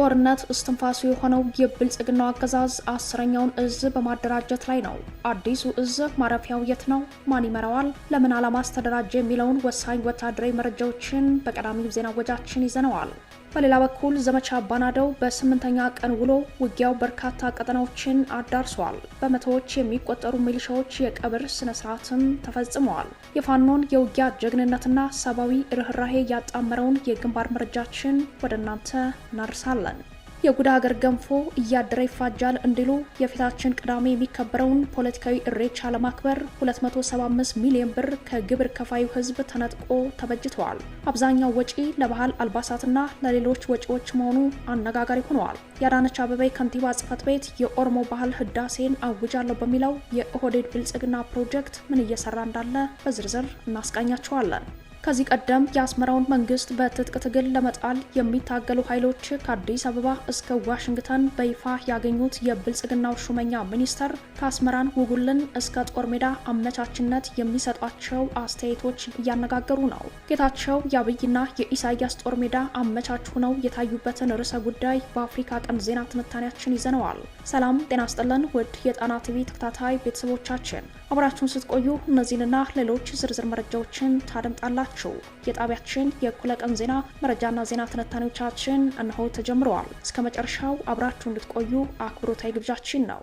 ጦርነት እስትንፋሱ የሆነው የብልጽግናው አገዛዝ አስረኛውን እዝ በማደራጀት ላይ ነው። አዲሱ እዝ ማረፊያው የት ነው? ማን ይመራዋል? ለምን ዓላማ አስተደራጀ? የሚለውን ወሳኝ ወታደራዊ መረጃዎችን በቀዳሚው ዜና ወጃችን ይዘነዋል። በሌላ በኩል ዘመቻ ባናደው በስምንተኛ ቀን ውሎ ውጊያው በርካታ ቀጠናዎችን አዳርሷል። በመቶዎች የሚቆጠሩ ሚሊሻዎች የቀብር ስነ ስርዓትም ተፈጽመዋል። የፋኖን የውጊያ ጀግንነትና ሰብአዊ ርኅራሄ ያጣመረውን የግንባር መረጃችን ወደ እናንተ እናርሳለን። የጉድ ሀገር ገንፎ እያደረ ይፋጃል እንዲሉ የፊታችን ቅዳሜ የሚከበረውን ፖለቲካዊ እሬቻ ለማክበር 275 ሚሊዮን ብር ከግብር ከፋዩ ሕዝብ ተነጥቆ ተበጅተዋል። አብዛኛው ወጪ ለባህል አልባሳትና ለሌሎች ወጪዎች መሆኑ አነጋጋሪ ሆነዋል። የአዳነች አበቤ ከንቲባ ጽህፈት ቤት የኦሮሞ ባህል ህዳሴን አውጃለሁ በሚለው የኦህዴድ ብልጽግና ፕሮጀክት ምን እየሰራ እንዳለ በዝርዝር እናስቃኛቸዋለን። ከዚህ ቀደም የአስመራውን መንግስት በትጥቅ ትግል ለመጣል የሚታገሉ ኃይሎች ከአዲስ አበባ እስከ ዋሽንግተን በይፋ ያገኙት የብልጽግናው ሹመኛ ሚኒስተር ከአስመራን ውጉልን እስከ ጦር ሜዳ አመቻችነት የሚሰጧቸው አስተያየቶች እያነጋገሩ ነው። ጌታቸው የአብይና የኢሳያስ ጦር ሜዳ አመቻች ሆነው የታዩበትን ርዕሰ ጉዳይ በአፍሪካ ቀን ዜና ትንታኔያችን ይዘነዋል። ሰላም ጤና ስጥልን ውድ የጣና ቲቪ ተከታታይ ቤተሰቦቻችን አብራችሁን ስትቆዩ እነዚህንና ሌሎች ዝርዝር መረጃዎችን ታደምጣላችሁ። የጣቢያችን የእኩለ ቀን ዜና መረጃና ዜና ትንታኔዎቻችን እነሆ ተጀምረዋል። እስከ መጨረሻው አብራችሁ እንድትቆዩ አክብሮታዊ ግብዣችን ነው።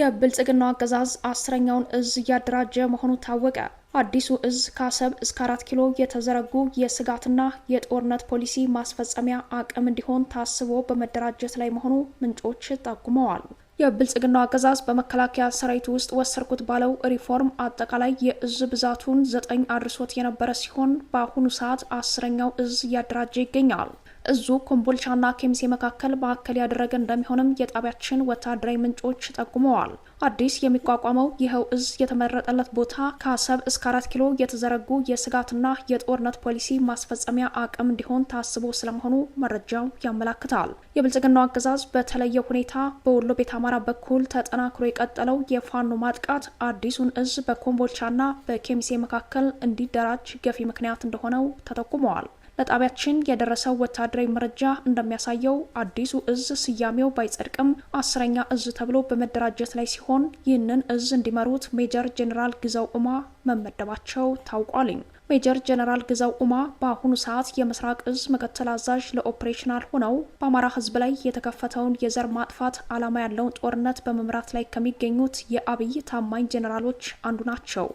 የብልጽግናው አገዛዝ አስረኛውን እዝ እያደራጀ መሆኑ ታወቀ። አዲሱ እዝ ከአሰብ እስከ አራት ኪሎ የተዘረጉ የስጋትና የጦርነት ፖሊሲ ማስፈጸሚያ አቅም እንዲሆን ታስቦ በመደራጀት ላይ መሆኑ ምንጮች ጠቁመዋል። የብልጽግናው አገዛዝ በመከላከያ ሰራዊት ውስጥ ወሰርኩት ባለው ሪፎርም አጠቃላይ የእዝ ብዛቱን ዘጠኝ አድርሶት የነበረ ሲሆን በአሁኑ ሰዓት አስረኛው እዝ እያደራጀ ይገኛል። እዙ ኮምቦልቻና ኬሚሴ መካከል ማዕከል ያደረገ እንደሚሆንም የጣቢያችን ወታደራዊ ምንጮች ጠቁመዋል። አዲስ የሚቋቋመው ይኸው እዝ የተመረጠለት ቦታ ከአሰብ እስከ አራት ኪሎ የተዘረጉ የስጋትና የጦርነት ፖሊሲ ማስፈጸሚያ አቅም እንዲሆን ታስቦ ስለመሆኑ መረጃው ያመላክታል። የብልጽግናው አገዛዝ በተለየ ሁኔታ በወሎ ቤት አማራ በኩል ተጠናክሮ የቀጠለው የፋኖ ማጥቃት አዲሱን እዝ በኮምቦልቻና በኬሚሴ መካከል እንዲደራጅ ገፊ ምክንያት እንደሆነው ተጠቁመዋል። ለጣቢያችን የደረሰው ወታደራዊ መረጃ እንደሚያሳየው አዲሱ እዝ ስያሜው ባይጸድቅም አስረኛ እዝ ተብሎ በመደራጀት ላይ ሲሆን ይህንን እዝ እንዲመሩት ሜጀር ጄኔራል ግዛው ኡማ መመደባቸው ታውቋልኝ። ሜጀር ጀነራል ግዛው ኡማ በአሁኑ ሰዓት የምስራቅ እዝ ምክትል አዛዥ ለኦፕሬሽናል ሆነው በአማራ ሕዝብ ላይ የተከፈተውን የዘር ማጥፋት ዓላማ ያለውን ጦርነት በመምራት ላይ ከሚገኙት የአብይ ታማኝ ጀነራሎች አንዱ ናቸው።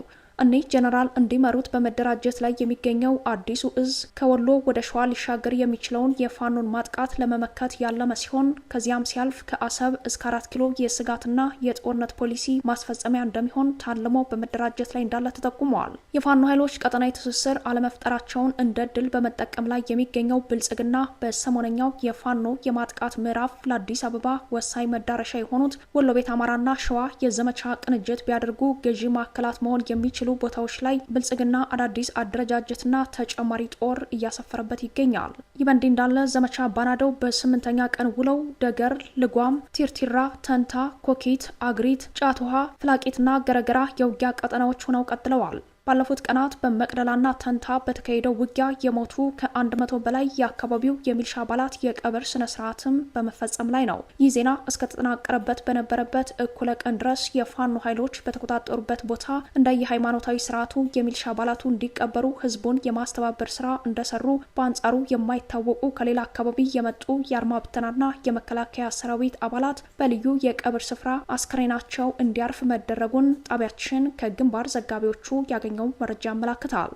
እኒህ ጄኔራል እንዲመሩት በመደራጀት ላይ የሚገኘው አዲሱ እዝ ከወሎ ወደ ሸዋ ሊሻገር የሚችለውን የፋኖን ማጥቃት ለመመከት ያለመ ሲሆን ከዚያም ሲያልፍ ከአሰብ እስከ አራት ኪሎ የስጋትና የጦርነት ፖሊሲ ማስፈጸሚያ እንደሚሆን ታልሞ በመደራጀት ላይ እንዳለ ተጠቁመዋል። የፋኖ ኃይሎች ቀጠናዊ ትስስር አለመፍጠራቸውን እንደ ድል በመጠቀም ላይ የሚገኘው ብልጽግና በሰሞነኛው የፋኖ የማጥቃት ምዕራፍ ለአዲስ አበባ ወሳኝ መዳረሻ የሆኑት ወሎ ቤት አማራና ሸዋ የዘመቻ ቅንጅት ቢያደርጉ ገዢ ማዕከላት መሆን የሚችሉ ቦታዎች ላይ ብልጽግና አዳዲስ አደረጃጀትና ተጨማሪ ጦር እያሰፈረበት ይገኛል። ይህ በእንዲህ እንዳለ ዘመቻ ባናደው በስምንተኛ ቀን ውለው ደገር፣ ልጓም፣ ቲርቲራ፣ ተንታ፣ ኮኬት፣ አግሪት፣ ጫት ውሃ፣ ፍላቂትና ገረገራ የውጊያ ቀጠናዎች ሆነው ቀጥለዋል። ባለፉት ቀናት በመቅደላና ተንታ በተካሄደው ውጊያ የሞቱ ከአንድ መቶ በላይ የአካባቢው የሚልሻ አባላት የቀብር ስነ ስርዓትም በመፈጸም ላይ ነው። ይህ ዜና እስከተጠናቀረበት በነበረበት እኩለ ቀን ድረስ የፋኖ ኃይሎች በተቆጣጠሩበት ቦታ እንደ የሃይማኖታዊ ስርዓቱ የሚልሻ አባላቱ እንዲቀበሩ ህዝቡን የማስተባበር ስራ እንደሰሩ፣ በአንጻሩ የማይታወቁ ከሌላ አካባቢ የመጡ የአርማብተናና ብተናና የመከላከያ ሰራዊት አባላት በልዩ የቀብር ስፍራ አስከሬናቸው እንዲያርፍ መደረጉን ጣቢያችን ከግንባር ዘጋቢዎቹ ያገ የተገኘው መረጃ ያመላክታል።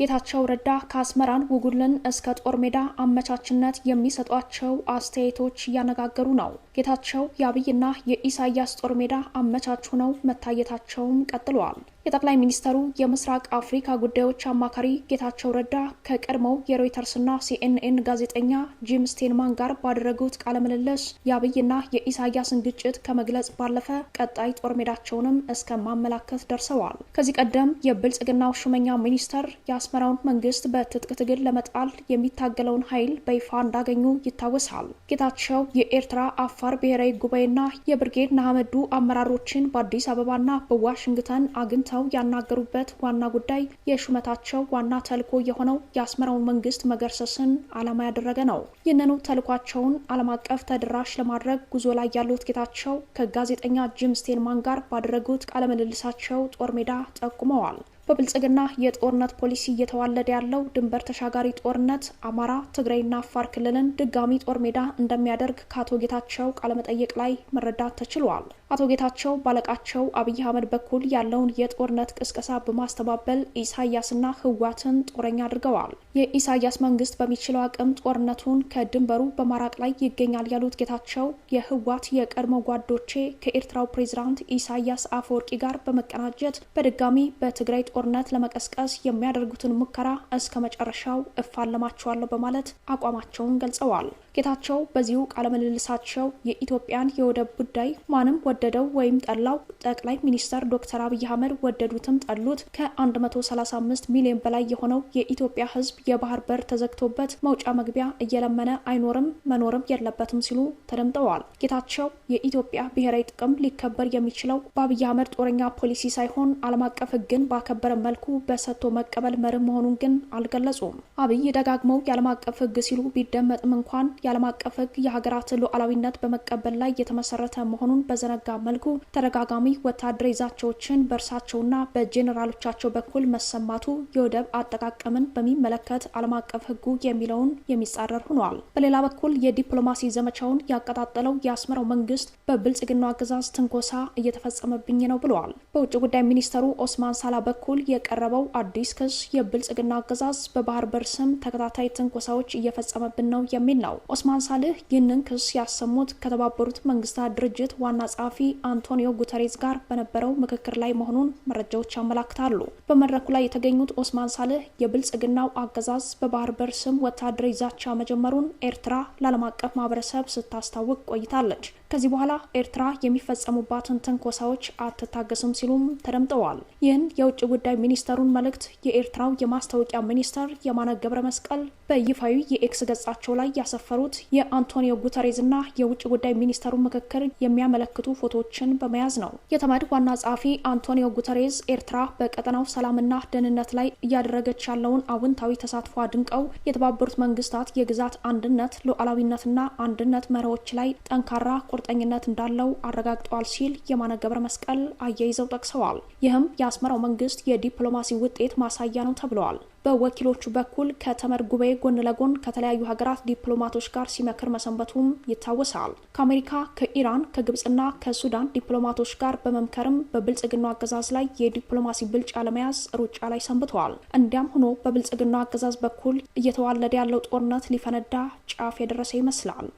ጌታቸው ረዳ ከአስመራን ውጉልን እስከ ጦር ሜዳ አመቻችነት የሚሰጧቸው አስተያየቶች እያነጋገሩ ነው። ጌታቸው የአብይና የኢሳያስ ጦር ሜዳ አመቻች ሆነው መታየታቸውም ቀጥለዋል። የጠቅላይ ሚኒስተሩ የምስራቅ አፍሪካ ጉዳዮች አማካሪ ጌታቸው ረዳ ከቀድሞው የሮይተርስና ሲኤንኤን ጋዜጠኛ ጂም ስቴንማን ጋር ባደረጉት ቃለ ምልልስ የአብይና የኢሳያስን ግጭት ከመግለጽ ባለፈ ቀጣይ ጦር ሜዳቸውንም እስከ ማመላከት ደርሰዋል። ከዚህ ቀደም የብልጽግናው ሹመኛ ሚኒስተር የአስመራውን መንግስት በትጥቅ ትግል ለመጣል የሚታገለውን ኃይል በይፋ እንዳገኙ ይታወሳል። ጌታቸው የኤርትራ አፋር ብሔራዊ ጉባኤና የብርጌድ ንሓመዱ አመራሮችን በአዲስ አበባና በዋሽንግተን አግኝተ ቆይተው ያናገሩበት ዋና ጉዳይ የሹመታቸው ዋና ተልኮ የሆነው የአስመራውን መንግስት መገርሰስን ዓላማ ያደረገ ነው። ይህንኑ ተልኳቸውን ዓለም አቀፍ ተደራሽ ለማድረግ ጉዞ ላይ ያሉት ጌታቸው ከጋዜጠኛ ጂም ስቴንማን ጋር ባደረጉት ቃለምልልሳቸው ጦር ሜዳ ጠቁመዋል። በብልጽግና የጦርነት ፖሊሲ እየተዋለደ ያለው ድንበር ተሻጋሪ ጦርነት አማራ፣ ትግራይና አፋር ክልልን ድጋሚ ጦር ሜዳ እንደሚያደርግ ከአቶ ጌታቸው ቃለመጠይቅ ላይ መረዳት ተችሏል። አቶ ጌታቸው ባለቃቸው አብይ አህመድ በኩል ያለውን የጦርነት ቅስቀሳ በማስተባበል ኢሳያስና ህዋትን ጦረኛ አድርገዋል። የኢሳያስ መንግስት በሚችለው አቅም ጦርነቱን ከድንበሩ በማራቅ ላይ ይገኛል ያሉት ጌታቸው የህዋት የቀድሞ ጓዶቼ ከኤርትራው ፕሬዚዳንት ኢሳያስ አፈወርቂ ጋር በመቀናጀት በድጋሚ በትግራይ ጦርነት ለመቀስቀስ የሚያደርጉትን ሙከራ እስከ መጨረሻው እፋለማቸዋለሁ በማለት አቋማቸውን ገልጸዋል። ጌታቸው በዚሁ ቃለምልልሳቸው የኢትዮጵያን የወደብ ጉዳይ ማንም ወደደው ወይም ጠላው ጠቅላይ ሚኒስተር ዶክተር አብይ አህመድ ወደዱትም ጠሉት ከ135 ሚሊዮን በላይ የሆነው የኢትዮጵያ ሕዝብ የባህር በር ተዘግቶበት መውጫ መግቢያ እየለመነ አይኖርም መኖርም የለበትም ሲሉ ተደምጠዋል። ጌታቸው የኢትዮጵያ ብሔራዊ ጥቅም ሊከበር የሚችለው በአብይ አህመድ ጦረኛ ፖሊሲ ሳይሆን ዓለም አቀፍ ሕግን ባከበረ መልኩ በሰጥቶ መቀበል መርህ መሆኑን ግን አልገለጹም። አብይ ደጋግመው የዓለም አቀፍ ሕግ ሲሉ ቢደመጥም እንኳን የዓለም አቀፍ ሕግ የሀገራትን ሉዓላዊነት በመቀበል ላይ የተመሰረተ መሆኑን በዘነጋ መልኩ ተደጋጋሚ ወታደራዊ ዛቻዎችን በእርሳቸውና በጄኔራሎቻቸው በኩል መሰማቱ የወደብ አጠቃቀምን በሚመለከት ዓለም አቀፍ ሕጉ የሚለውን የሚጻረር ሆኗል። በሌላ በኩል የዲፕሎማሲ ዘመቻውን ያቀጣጠለው የአስመራው መንግስት በብልጽግናው አገዛዝ ትንኮሳ እየተፈጸመብኝ ነው ብለዋል። በውጭ ጉዳይ ሚኒስተሩ ኦስማን ሳላ በኩል የቀረበው አዲስ ክስ የብልጽግና አገዛዝ በባህር በር ስም ተከታታይ ትንኮሳዎች እየፈጸመብን ነው የሚል ነው። ኦስማን ሳልህ ይህንን ክስ ያሰሙት ከተባበሩት መንግስታት ድርጅት ዋና ጸሐፊ አንቶኒዮ ጉተሬዝ ጋር በነበረው ምክክር ላይ መሆኑን መረጃዎች ያመላክታሉ። በመድረኩ ላይ የተገኙት ኦስማን ሳልህ የብልጽግናው አገዛዝ በባህር በር ስም ወታደራዊ ዛቻ መጀመሩን ኤርትራ ለዓለም አቀፍ ማህበረሰብ ስታስታውቅ ቆይታለች። ከዚህ በኋላ ኤርትራ የሚፈጸሙባትን ትንኮሳዎች አትታገስም ሲሉም ተደምጠዋል። ይህን የውጭ ጉዳይ ሚኒስተሩን መልእክት የኤርትራው የማስታወቂያ ሚኒስተር የማነ ገብረ መስቀል በይፋዊ የኤክስ ገጻቸው ላይ ያሰፈሩ የነበሩት የአንቶኒዮ ጉተሬዝና የውጭ ጉዳይ ሚኒስተሩ ምክክር የሚያመለክቱ ፎቶዎችን በመያዝ ነው። የተመድ ዋና ጸሐፊ አንቶኒዮ ጉተሬዝ ኤርትራ በቀጠናው ሰላምና ደህንነት ላይ እያደረገች ያለውን አዎንታዊ ተሳትፎ አድንቀው የተባበሩት መንግስታት የግዛት አንድነት ሉዓላዊነትና አንድነት መሪዎች ላይ ጠንካራ ቁርጠኝነት እንዳለው አረጋግጠዋል ሲል የማነ ገብረ መስቀል አያይዘው ጠቅሰዋል። ይህም የአስመራው መንግስት የዲፕሎማሲ ውጤት ማሳያ ነው ተብለዋል። በወኪሎቹ በኩል ከተመድ ጉባኤ ጎን ለጎን ከተለያዩ ሀገራት ዲፕሎማቶች ጋር ሲመክር መሰንበቱም ይታወሳል። ከአሜሪካ፣ ከኢራን፣ ከግብጽና ከሱዳን ዲፕሎማቶች ጋር በመምከርም በብልጽግናው አገዛዝ ላይ የዲፕሎማሲ ብልጫ ለመያዝ ሩጫ ላይ ሰንብተዋል። እንዲያም ሆኖ በብልጽግናው አገዛዝ በኩል እየተዋለደ ያለው ጦርነት ሊፈነዳ ጫፍ የደረሰ ይመስላል።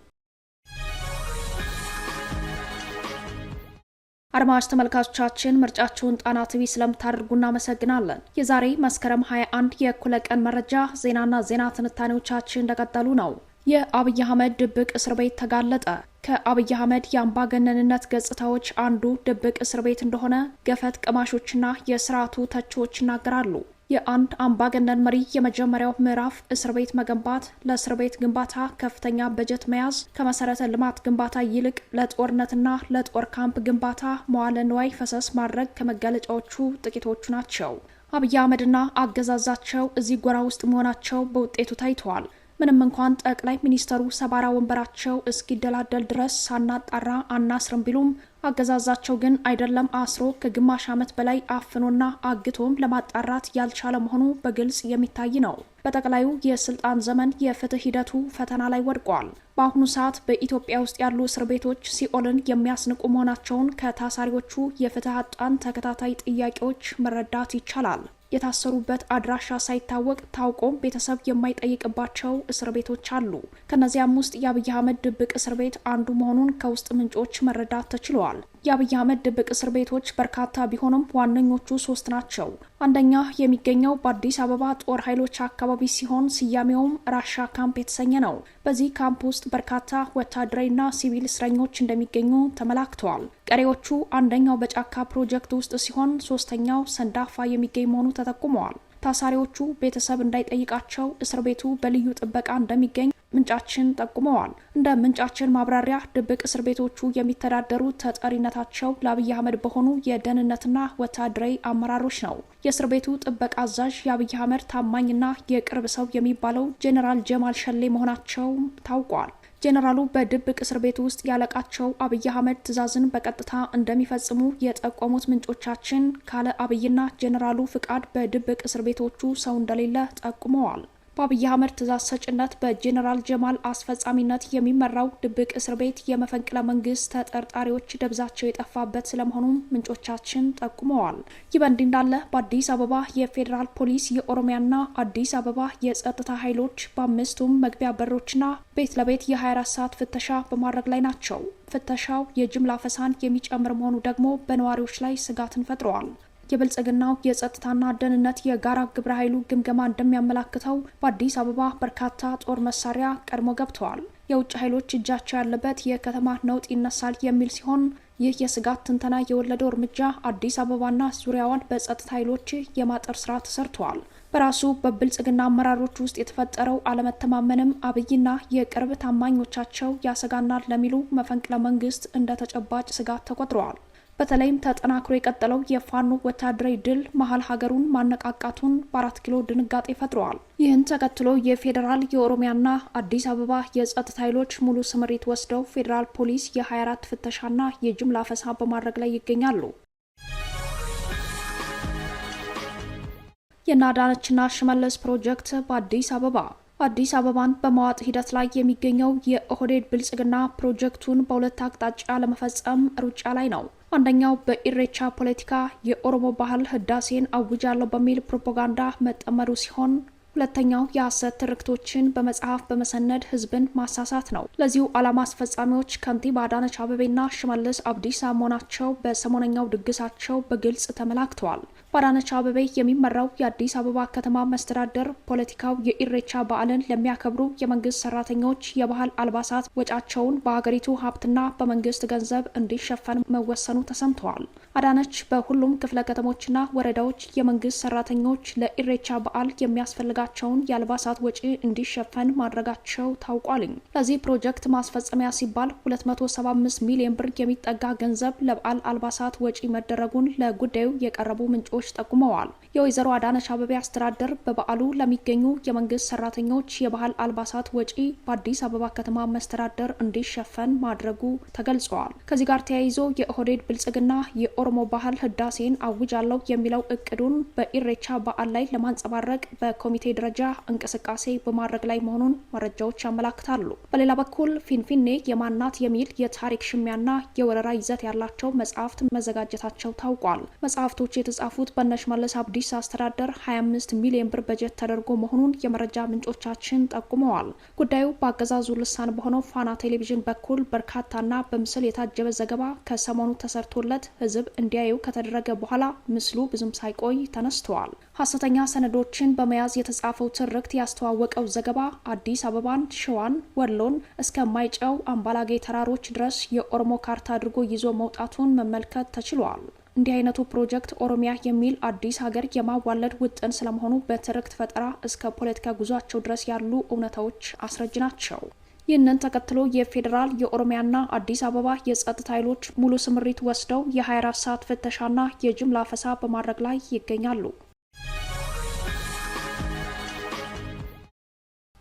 አድማጭ ተመልካቾቻችን ምርጫችሁን ጣና ቲቪ ስለምታደርጉ እናመሰግናለን። የዛሬ መስከረም 21 የእኩለ ቀን መረጃ ዜናና ዜና ትንታኔዎቻችን እንደቀጠሉ ነው። የአብይ አህመድ ድብቅ እስር ቤት ተጋለጠ። ከአብይ አህመድ የአምባገነንነት ገጽታዎች አንዱ ድብቅ እስር ቤት እንደሆነ ገፈት ቅማሾችና የስርዓቱ ተቺዎች ይናገራሉ። የአንድ አምባገነን መሪ የመጀመሪያው ምዕራፍ እስር ቤት መገንባት፣ ለእስር ቤት ግንባታ ከፍተኛ በጀት መያዝ፣ ከመሰረተ ልማት ግንባታ ይልቅ ለጦርነትና ለጦር ካምፕ ግንባታ መዋለ ንዋይ ፈሰስ ማድረግ ከመገለጫዎቹ ጥቂቶቹ ናቸው። አብይ አህመድና አገዛዛቸው እዚህ ጎራ ውስጥ መሆናቸው በውጤቱ ታይተዋል። ምንም እንኳን ጠቅላይ ሚኒስተሩ ሰባራ ወንበራቸው እስኪደላደል ድረስ ሳናጣራ አናስርም ቢሉም አገዛዛቸው ግን አይደለም አስሮ ከግማሽ ዓመት በላይ አፍኖና አግቶም ለማጣራት ያልቻለ መሆኑ በግልጽ የሚታይ ነው። በጠቅላዩ የስልጣን ዘመን የፍትህ ሂደቱ ፈተና ላይ ወድቋል። በአሁኑ ሰዓት በኢትዮጵያ ውስጥ ያሉ እስር ቤቶች ሲኦልን የሚያስንቁ መሆናቸውን ከታሳሪዎቹ የፍትህ አጣን ተከታታይ ጥያቄዎች መረዳት ይቻላል። የታሰሩበት አድራሻ ሳይታወቅ ታውቆም ቤተሰብ የማይጠይቅባቸው እስር ቤቶች አሉ። ከነዚያም ውስጥ የአብይ አህመድ ድብቅ እስር ቤት አንዱ መሆኑን ከውስጥ ምንጮች መረዳት ተችሏል። የአብይ አህመድ ድብቅ እስር ቤቶች በርካታ ቢሆኑም ዋነኞቹ ሶስት ናቸው። አንደኛ የሚገኘው በአዲስ አበባ ጦር ኃይሎች አካባቢ ሲሆን ስያሜውም ራሻ ካምፕ የተሰኘ ነው። በዚህ ካምፕ ውስጥ በርካታ ወታደራዊና ሲቪል እስረኞች እንደሚገኙ ተመላክተዋል። ቀሪዎቹ አንደኛው በጫካ ፕሮጀክት ውስጥ ሲሆን ሶስተኛው ሰንዳፋ የሚገኝ መሆኑ ተጠቁመዋል። ታሳሪዎቹ ቤተሰብ እንዳይጠይቃቸው እስር ቤቱ በልዩ ጥበቃ እንደሚገኝ ምንጫችን ጠቁመዋል። እንደ ምንጫችን ማብራሪያ ድብቅ እስር ቤቶቹ የሚተዳደሩ ተጠሪነታቸው ለአብይ አህመድ በሆኑ የደህንነትና ወታደራዊ አመራሮች ነው። የእስር ቤቱ ጥበቃ አዛዥ የአብይ አህመድ ታማኝና የቅርብ ሰው የሚባለው ጄኔራል ጀማል ሸሌ መሆናቸውም ታውቋል። ጄኔራሉ በድብቅ እስር ቤት ውስጥ ያለቃቸው አብይ አህመድ ትዕዛዝን በቀጥታ እንደሚፈጽሙ የጠቆሙት ምንጮቻችን ካለ አብይና ጄኔራሉ ፍቃድ በድብቅ እስር ቤቶቹ ሰው እንደሌለ ጠቁመዋል። በአብይ አህመድ ትእዛዝ ሰጭነት በጄኔራል ጀማል አስፈጻሚነት የሚመራው ድብቅ እስር ቤት የመፈንቅለ መንግስት ተጠርጣሪዎች ደብዛቸው የጠፋበት ስለመሆኑም ምንጮቻችን ጠቁመዋል። ይህ በእንዲህ እንዳለ በአዲስ አበባ የፌዴራል ፖሊስ የኦሮሚያና አዲስ አበባ የጸጥታ ኃይሎች በአምስቱም መግቢያ በሮችና ቤት ለቤት የ24 ሰዓት ፍተሻ በማድረግ ላይ ናቸው። ፍተሻው የጅምላ ፈሳን የሚጨምር መሆኑ ደግሞ በነዋሪዎች ላይ ስጋትን ፈጥረዋል። የብልጽግናው የጸጥታና ደህንነት የጋራ ግብረ ኃይሉ ግምገማ እንደሚያመላክተው በአዲስ አበባ በርካታ ጦር መሳሪያ ቀድሞ ገብተዋል። የውጭ ኃይሎች እጃቸው ያለበት የከተማ ነውጥ ይነሳል የሚል ሲሆን ይህ የስጋት ትንተና የወለደው እርምጃ አዲስ አበባና ዙሪያዋን በጸጥታ ኃይሎች የማጠር ስራ ተሰርተዋል። በራሱ በብልጽግና አመራሮች ውስጥ የተፈጠረው አለመተማመንም አብይና የቅርብ ታማኞቻቸው ያሰጋናል ለሚሉ መፈንቅለ መንግስት እንደ ተጨባጭ ስጋት ተቆጥረዋል። በተለይም ተጠናክሮ የቀጠለው የፋኖ ወታደራዊ ድል መሀል ሀገሩን ማነቃቃቱን በአራት ኪሎ ድንጋጤ ፈጥረዋል። ይህን ተከትሎ የፌዴራል የኦሮሚያና አዲስ አበባ የጸጥታ ኃይሎች ሙሉ ስምሪት ወስደው ፌዴራል ፖሊስ የ24 ፍተሻና የጅምላ ፈሳ በማድረግ ላይ ይገኛሉ። የናዳነችና ሽመለስ ፕሮጀክት በአዲስ አበባ አዲስ አበባን በመዋጥ ሂደት ላይ የሚገኘው የኦህዴድ ብልጽግና ፕሮጀክቱን በሁለት አቅጣጫ ለመፈጸም ሩጫ ላይ ነው። አንደኛው በኢሬቻ ፖለቲካ የኦሮሞ ባህል ህዳሴን አውጃለሁ በሚል ፕሮፓጋንዳ መጠመዱ ሲሆን ሁለተኛው የሐሰት ትርክቶችን በመጽሐፍ በመሰነድ ህዝብን ማሳሳት ነው። ለዚሁ ዓላማ አስፈጻሚዎች ከንቲባ አዳነች አበቤና ሽመልስ አብዲሳ መሆናቸው በሰሞነኛው ድግሳቸው በግልጽ ተመላክተዋል። በአዳነች አበቤ የሚመራው የአዲስ አበባ ከተማ መስተዳደር ፖለቲካው የኢሬቻ በዓልን ለሚያከብሩ የመንግስት ሰራተኞች የባህል አልባሳት ወጫቸውን በሀገሪቱ ሀብትና በመንግስት ገንዘብ እንዲሸፈን መወሰኑ ተሰምተዋል። አዳነች በሁሉም ክፍለ ከተሞችና ወረዳዎች የመንግስት ሰራተኞች ለኢሬቻ በዓል የሚያስፈልጋቸውን የአልባሳት ወጪ እንዲሸፈን ማድረጋቸው ታውቋልኝ። ለዚህ ፕሮጀክት ማስፈጸሚያ ሲባል 275 ሚሊዮን ብር የሚጠጋ ገንዘብ ለበዓል አልባሳት ወጪ መደረጉን ለጉዳዩ የቀረቡ ምንጮች ምንጮች ጠቁመዋል። የወይዘሮ አዳነች አበቤ አስተዳደር በበዓሉ ለሚገኙ የመንግስት ሰራተኞች የባህል አልባሳት ወጪ በአዲስ አበባ ከተማ መስተዳደር እንዲሸፈን ማድረጉ ተገልጸዋል። ከዚህ ጋር ተያይዞ የኦህዴድ ብልጽግና የኦሮሞ ባህል ህዳሴን አውጃለሁ የሚለው እቅዱን በኢሬቻ በዓል ላይ ለማንጸባረቅ በኮሚቴ ደረጃ እንቅስቃሴ በማድረግ ላይ መሆኑን መረጃዎች ያመላክታሉ። በሌላ በኩል ፊንፊኔ የማናት የሚል የታሪክ ሽሚያና የወረራ ይዘት ያላቸው መጽሐፍት መዘጋጀታቸው ታውቋል። መጽሐፍቶቹ የተጻፉት መለስ አብዲስ አስተዳደር 25 ሚሊዮን ብር በጀት ተደርጎ መሆኑን የመረጃ ምንጮቻችን ጠቁመዋል። ጉዳዩ በአገዛዙ ልሳን በሆነው ፋና ቴሌቪዥን በኩል በርካታና በምስል የታጀበ ዘገባ ከሰሞኑ ተሰርቶለት ህዝብ እንዲያዩ ከተደረገ በኋላ ምስሉ ብዙም ሳይቆይ ተነስተዋል። ሐሰተኛ ሰነዶችን በመያዝ የተጻፈው ትርክት ያስተዋወቀው ዘገባ አዲስ አበባን፣ ሸዋን፣ ወሎን እስከማይጨው አምባላጌ ተራሮች ድረስ የኦሮሞ ካርታ አድርጎ ይዞ መውጣቱን መመልከት ተችሏል። እንዲህ አይነቱ ፕሮጀክት ኦሮሚያ የሚል አዲስ ሀገር የማዋለድ ውጥን ስለመሆኑ በትርክት ፈጠራ እስከ ፖለቲካ ጉዟቸው ድረስ ያሉ እውነታዎች አስረጅ ናቸው። ይህንን ተከትሎ የፌዴራል የኦሮሚያና አዲስ አበባ የጸጥታ ኃይሎች ሙሉ ስምሪት ወስደው የ24 ሰዓት ፍተሻና የጅምላ አፈሳ በማድረግ ላይ ይገኛሉ።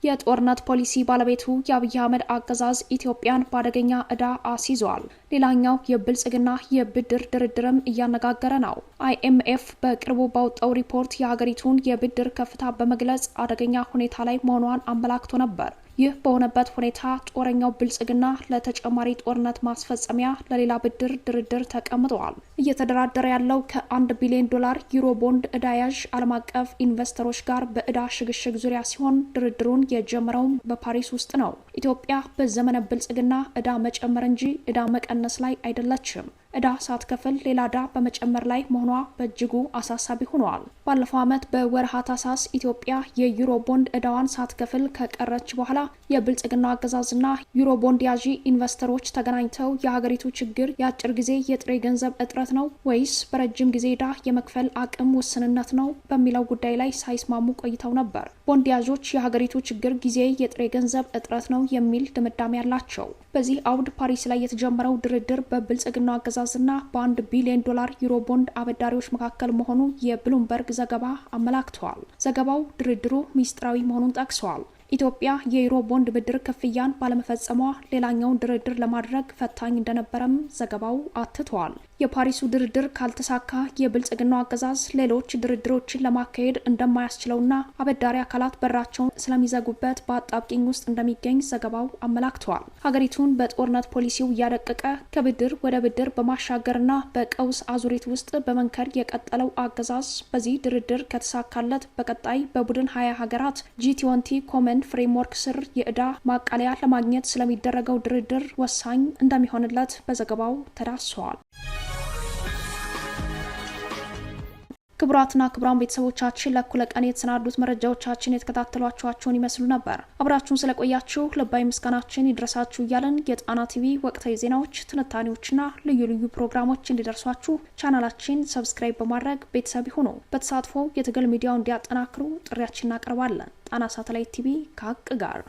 የጦርነት ፖሊሲ ባለቤቱ የአብይ አህመድ አገዛዝ ኢትዮጵያን በአደገኛ ዕዳ አስይዟል። ሌላኛው የብልጽግና የብድር ድርድርም እያነጋገረ ነው። አይኤምኤፍ በቅርቡ ባወጣው ሪፖርት የሀገሪቱን የብድር ከፍታ በመግለጽ አደገኛ ሁኔታ ላይ መሆኗን አመላክቶ ነበር። ይህ በሆነበት ሁኔታ ጦረኛው ብልጽግና ለተጨማሪ ጦርነት ማስፈጸሚያ ለሌላ ብድር ድርድር ተቀምጠዋል። እየተደራደረ ያለው ከአንድ ቢሊዮን ዶላር ዩሮ ቦንድ እዳያዥ ያዥ ዓለም አቀፍ ኢንቨስተሮች ጋር በእዳ ሽግሽግ ዙሪያ ሲሆን ድርድሩን የጀመረውም በፓሪስ ውስጥ ነው። ኢትዮጵያ በዘመነ ብልጽግና እዳ መጨመር እንጂ እዳ መቀነስ ላይ አይደለችም። ዕዳ ሳትከፍል ሌላ እዳ በመጨመር ላይ መሆኗ በእጅጉ አሳሳቢ ሆኗል። ባለፈው ዓመት በወርሃ ታህሳስ ኢትዮጵያ የዩሮ ቦንድ ዕዳዋን ሳትከፍል ከቀረች በኋላ የብልጽግናው አገዛዝና ዩሮ ቦንድ ያዢ ኢንቨስተሮች ተገናኝተው የሀገሪቱ ችግር የአጭር ጊዜ የጥሬ ገንዘብ እጥረት ነው ወይስ በረጅም ጊዜ ዕዳ የመክፈል አቅም ውስንነት ነው በሚለው ጉዳይ ላይ ሳይስማሙ ቆይተው ነበር። ቦንድ ያዦች የሀገሪቱ ችግር ጊዜ የጥሬ ገንዘብ እጥረት ነው የሚል ድምዳሜ ያላቸው በዚህ አውድ ፓሪስ ላይ የተጀመረው ድርድር በብልጽግናው አገዛዝና በአንድ ቢሊዮን ዶላር ዩሮ ቦንድ አበዳሪዎች መካከል መሆኑ የብሉምበርግ ዘገባ አመላክተዋል። ዘገባው ድርድሩ ሚስጥራዊ መሆኑን ጠቅሰዋል። ኢትዮጵያ የዩሮ ቦንድ ብድር ክፍያን ባለመፈጸሟ ሌላኛውን ድርድር ለማድረግ ፈታኝ እንደነበረም ዘገባው አትተዋል። የፓሪሱ ድርድር ካልተሳካ የብልጽግናው አገዛዝ ሌሎች ድርድሮችን ለማካሄድ እንደማያስችለውና አበዳሪ አካላት በራቸውን ስለሚዘጉበት በአጣብቂኝ ውስጥ እንደሚገኝ ዘገባው አመላክተዋል። ሀገሪቱን በጦርነት ፖሊሲው እያደቀቀ ከብድር ወደ ብድር በማሻገርና በቀውስ አዙሪት ውስጥ በመንከር የቀጠለው አገዛዝ በዚህ ድርድር ከተሳካለት በቀጣይ በቡድን ሀያ ሀገራት ጂቲወንቲ ኮመን ፍሬምወርክ ስር የዕዳ ማቃለያ ለማግኘት ስለሚደረገው ድርድር ወሳኝ እንደሚሆንለት በዘገባው ተዳስሰዋል። ክቡራትና ክቡራን ቤተሰቦቻችን ለእኩለ ቀን የተሰናዱት መረጃዎቻችን የተከታተሏችኋቸውን ይመስሉ ነበር። አብራችሁን ስለቆያችሁ ልባዊ ምስጋናችን ይድረሳችሁ እያለን የጣና ቲቪ ወቅታዊ ዜናዎች፣ ትንታኔዎችና ልዩ ልዩ ፕሮግራሞች እንዲደርሷችሁ ቻናላችን ሰብስክራይብ በማድረግ ቤተሰብ ይሁኑ። በተሳትፎ የትግል ሚዲያውን እንዲያጠናክሩ ጥሪያችን እናቀርባለን። ጣና ሳተላይት ቲቪ ከሀቅ ጋር